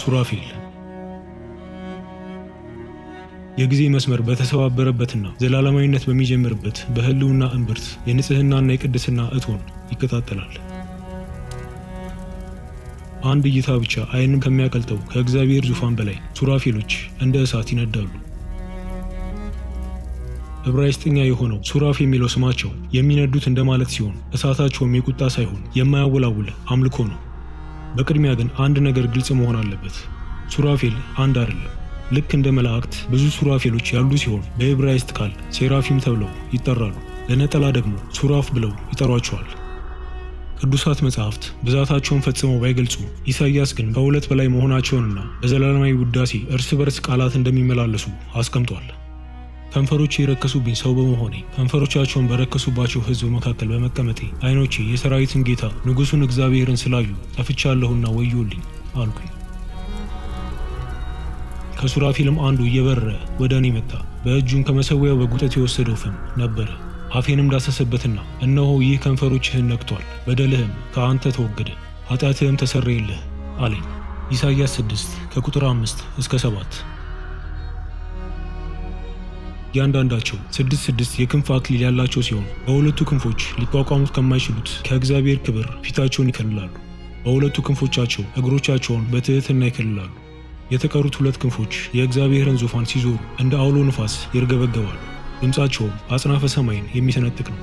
ሱራፌል የጊዜ መስመር በተሰባበረበትና ዘላለማዊነት በሚጀምርበት በህልውና እምብርት የንጽህናና የቅድስና እቶን ይቀጣጠላል። አንድ እይታ ብቻ አይንም ከሚያቀልጠው ከእግዚአብሔር ዙፋን በላይ ሱራፌሎች እንደ እሳት ይነዳሉ። ዕብራይስጥኛ የሆነው ሱራፍ የሚለው ስማቸው የሚነዱት እንደማለት ሲሆን እሳታቸውም የቁጣ ሳይሆን የማያወላውል አምልኮ ነው። በቅድሚያ ግን አንድ ነገር ግልጽ መሆን አለበት። ሱራፌል አንድ አይደለም። ልክ እንደ መላእክት ብዙ ሱራፌሎች ያሉ ሲሆን በዕብራይስጥ ቃል ሴራፊም ተብለው ይጠራሉ። ለነጠላ ደግሞ ሱራፍ ብለው ይጠሯቸዋል። ቅዱሳት መጽሐፍት ብዛታቸውን ፈጽመው ባይገልጹ፣ ኢሳይያስ ግን ከሁለት በላይ መሆናቸውንና በዘላለማዊ ውዳሴ እርስ በርስ ቃላት እንደሚመላለሱ አስቀምጧል። ከንፈሮቼ የረከሱብኝ ሰው በመሆኔ ከንፈሮቻቸውን በረከሱባቸው ሕዝብ መካከል በመቀመጤ ዓይኖቼ የሰራዊትን ጌታ ንጉሡን እግዚአብሔርን ስላዩ ጠፍቻለሁና ወዮልኝ አልኩኝ። ከሱራፊልም አንዱ እየበረረ ወደ እኔ መጣ። በእጁን ከመሰዊያው በጉጠት የወሰደው ፍም ነበረ። አፌንም ዳሰሰበትና እነሆ ይህ ከንፈሮችህን ነክቷል፣ በደልህም ከአንተ ተወገደ፣ ኃጢአትህም ተሰረየልህ አለኝ። ኢሳይያስ 6 ከቁጥር 5 እስከ 7 እያንዳንዳቸው ስድስት ስድስት የክንፍ አክሊል ያላቸው ሲሆን በሁለቱ ክንፎች ሊቋቋሙት ከማይችሉት ከእግዚአብሔር ክብር ፊታቸውን ይከልላሉ። በሁለቱ ክንፎቻቸው እግሮቻቸውን በትሕትና ይከልላሉ። የተቀሩት ሁለት ክንፎች የእግዚአብሔርን ዙፋን ሲዞሩ እንደ አውሎ ንፋስ ይርገበገባሉ። ድምፃቸውም አጽናፈ ሰማይን የሚሰነጥቅ ነው።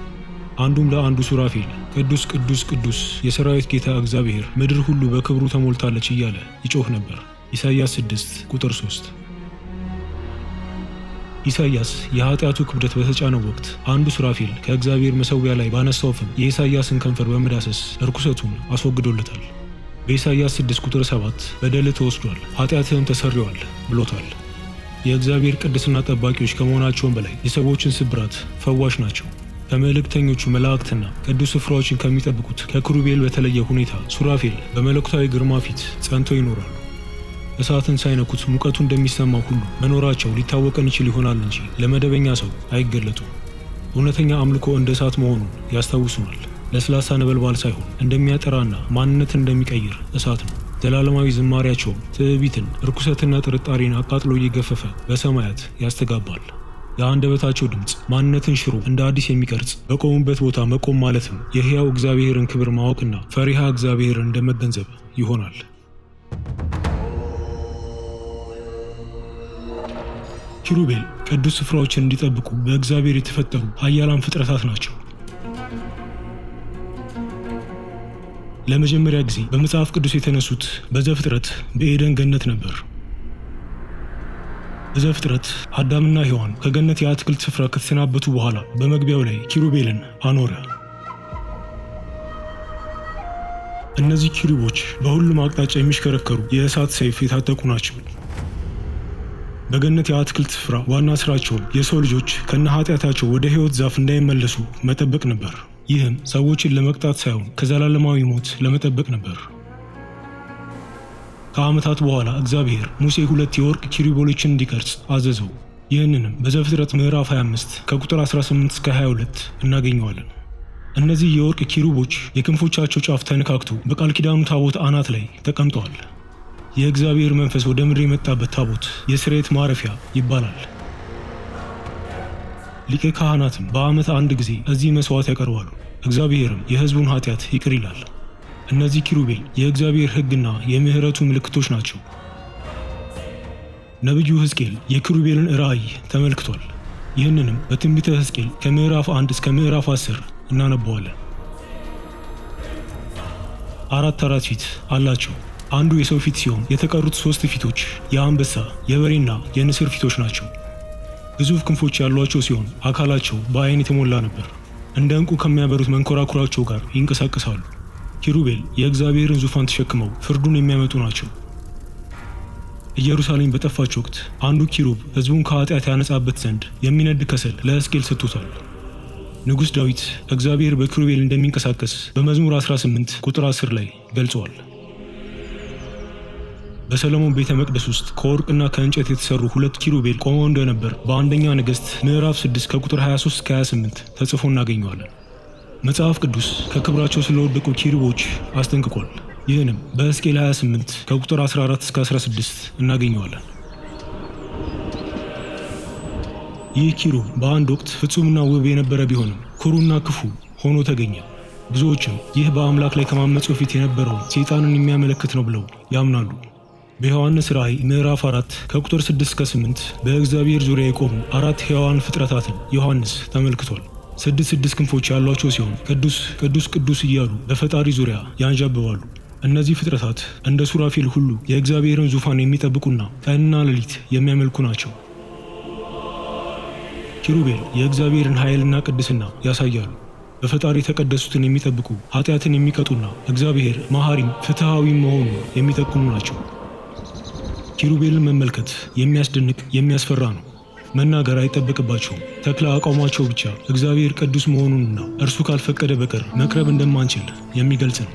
አንዱም ለአንዱ ሱራፌል ቅዱስ ቅዱስ ቅዱስ የሰራዊት ጌታ እግዚአብሔር ምድር ሁሉ በክብሩ ተሞልታለች እያለ ይጮህ ነበር። ኢሳይያስ 6 ቁጥር 3 ኢሳያስ የኃጢአቱ ክብደት በተጫነው ወቅት አንዱ ሱራፌል ከእግዚአብሔር መሠዊያ ላይ ባነሳው ፍም የኢሳያስን ከንፈር በመዳሰስ እርኩሰቱን አስወግዶለታል። በኢሳያስ 6 ቁጥር 7 በደል ተወስዷል፣ ኃጢአትህም ተሰሪዋል ብሎታል። የእግዚአብሔር ቅድስና ጠባቂዎች ከመሆናቸውም በላይ የሰዎችን ስብራት ፈዋሽ ናቸው። ከመልእክተኞቹ መላእክትና ቅዱስ ስፍራዎችን ከሚጠብቁት ከክሩቤል በተለየ ሁኔታ ሱራፌል በመለኮታዊ ግርማ ፊት ጸንቶ ይኖራሉ። እሳትን ሳይነኩት ሙቀቱ እንደሚሰማው ሁሉ መኖራቸው ሊታወቀን ይችል ይሆናል እንጂ ለመደበኛ ሰው አይገለጡም። እውነተኛ አምልኮ እንደ እሳት መሆኑን ያስታውሱናል። ለስላሳ ነበልባል ሳይሆን እንደሚያጠራና ማንነት እንደሚቀይር እሳት ነው። ዘላለማዊ ዝማሪያቸውም ትዕቢትን፣ ርኩሰትና ጥርጣሬን አቃጥሎ እየገፈፈ በሰማያት ያስተጋባል። የአንደበታቸው ድምፅ ማንነትን ሽሮ እንደ አዲስ የሚቀርጽ በቆሙበት ቦታ መቆም ማለትም የሕያው እግዚአብሔርን ክብር ማወቅና ፈሪሃ እግዚአብሔርን እንደመገንዘብ ይሆናል። ኪሩቤል ቅዱስ ስፍራዎችን እንዲጠብቁ በእግዚአብሔር የተፈጠሩ ኃያላን ፍጥረታት ናቸው። ለመጀመሪያ ጊዜ በመጽሐፍ ቅዱስ የተነሱት በዘፍጥረት በኤደን ገነት ነበር። በዘፍጥረት አዳምና ሔዋን ከገነት የአትክልት ስፍራ ከተሰናበቱ በኋላ በመግቢያው ላይ ኪሩቤልን አኖረ። እነዚህ ኪሩቦች በሁሉም አቅጣጫ የሚሽከረከሩ የእሳት ሰይፍ የታጠቁ ናቸው። በገነት የአትክልት ስፍራ ዋና ስራቸው የሰው ልጆች ከነ ኃጢአታቸው ወደ ህይወት ዛፍ እንዳይመለሱ መጠበቅ ነበር። ይህም ሰዎችን ለመቅጣት ሳይሆን ከዘላለማዊ ሞት ለመጠበቅ ነበር። ከዓመታት በኋላ እግዚአብሔር ሙሴ ሁለት የወርቅ ኪሩቤሎችን እንዲቀርጽ አዘዘው። ይህንንም በዘፍጥረት ምዕራፍ 25 ከቁጥር 18 እስከ 22 እናገኘዋለን። እነዚህ የወርቅ ኪሩቦች የክንፎቻቸው ጫፍ ተነካክቶ በቃል ኪዳኑ ታቦት አናት ላይ ተቀምጠዋል። የእግዚአብሔር መንፈስ ወደ ምድር የመጣበት ታቦት የስርየት ማረፊያ ይባላል። ሊቀ ካህናትም በዓመት አንድ ጊዜ እዚህ መሥዋዕት ያቀርባሉ። እግዚአብሔርም የሕዝቡን ኃጢአት ይቅር ይላል። እነዚህ ኪሩቤል የእግዚአብሔር ሕግና የምሕረቱ ምልክቶች ናቸው። ነቢዩ ሕዝቅኤል የኪሩቤልን ራእይ ተመልክቷል። ይህንንም በትንቢተ ሕዝቅኤል ከምዕራፍ 1 እስከ ምዕራፍ 10 እናነበዋለን። አራት አራት ፊት አላቸው። አንዱ የሰው ፊት ሲሆን የተቀሩት ሶስት ፊቶች የአንበሳ የበሬና የንስር ፊቶች ናቸው። ግዙፍ ክንፎች ያሏቸው ሲሆን አካላቸው በአይን የተሞላ ነበር። እንደ እንቁ ከሚያበሩት መንኮራኩራቸው ጋር ይንቀሳቀሳሉ። ኪሩቤል የእግዚአብሔርን ዙፋን ተሸክመው ፍርዱን የሚያመጡ ናቸው። ኢየሩሳሌም በጠፋች ወቅት አንዱ ኪሩብ ሕዝቡን ከኃጢአት ያነጻበት ዘንድ የሚነድ ከሰል ለሕዝቅኤል ሰጥቶታል። ንጉሥ ዳዊት እግዚአብሔር በኪሩቤል እንደሚንቀሳቀስ በመዝሙር 18 ቁጥር 10 ላይ ገልጿል። በሰለሞን ቤተ መቅደስ ውስጥ ከወርቅና ከእንጨት የተሰሩ ሁለት ኪሩቤል ቆመው እንደነበር በአንደኛ ነገሥት ምዕራፍ 6 ከቁጥር 23 28 ተጽፎ እናገኘዋለን። መጽሐፍ ቅዱስ ከክብራቸው ስለወደቁ ኪሩቦች አስጠንቅቋል። ይህንም በሕዝቅኤል 28 ከቁጥር 14 እስከ 16 እናገኘዋለን። ይህ ኪሩብ በአንድ ወቅት ፍጹምና ውብ የነበረ ቢሆንም ኩሩና ክፉ ሆኖ ተገኘ። ብዙዎችም ይህ በአምላክ ላይ ከማመፁ በፊት የነበረውን ሰይጣንን የሚያመለክት ነው ብለው ያምናሉ። በዮሐንስ ራእይ ምዕራፍ 4 ከቁጥር 6 እስከ 8 በእግዚአብሔር ዙሪያ የቆሙ አራት ሕያዋን ፍጥረታትን ዮሐንስ ተመልክቷል። ስድስት ስድስት ክንፎች ያሏቸው ሲሆን ቅዱስ ቅዱስ ቅዱስ እያሉ በፈጣሪ ዙሪያ ያንዣብባሉ። እነዚህ ፍጥረታት እንደ ሱራፌል ሁሉ የእግዚአብሔርን ዙፋን የሚጠብቁና ቀንና ሌሊት የሚያመልኩ ናቸው። ኪሩቤል የእግዚአብሔርን ኃይልና ቅድስና ያሳያሉ። በፈጣሪ የተቀደሱትን የሚጠብቁ ኃጢአትን የሚቀጡና እግዚአብሔር መሐሪም ፍትሐዊም መሆኑን የሚጠቁሙ ናቸው። ኪሩቤልን መመልከት የሚያስደንቅ የሚያስፈራ ነው። መናገር አይጠበቅባቸውም። ተክለ አቋሟቸው ብቻ እግዚአብሔር ቅዱስ መሆኑንና እርሱ ካልፈቀደ በቀር መቅረብ እንደማንችል የሚገልጽ ነው።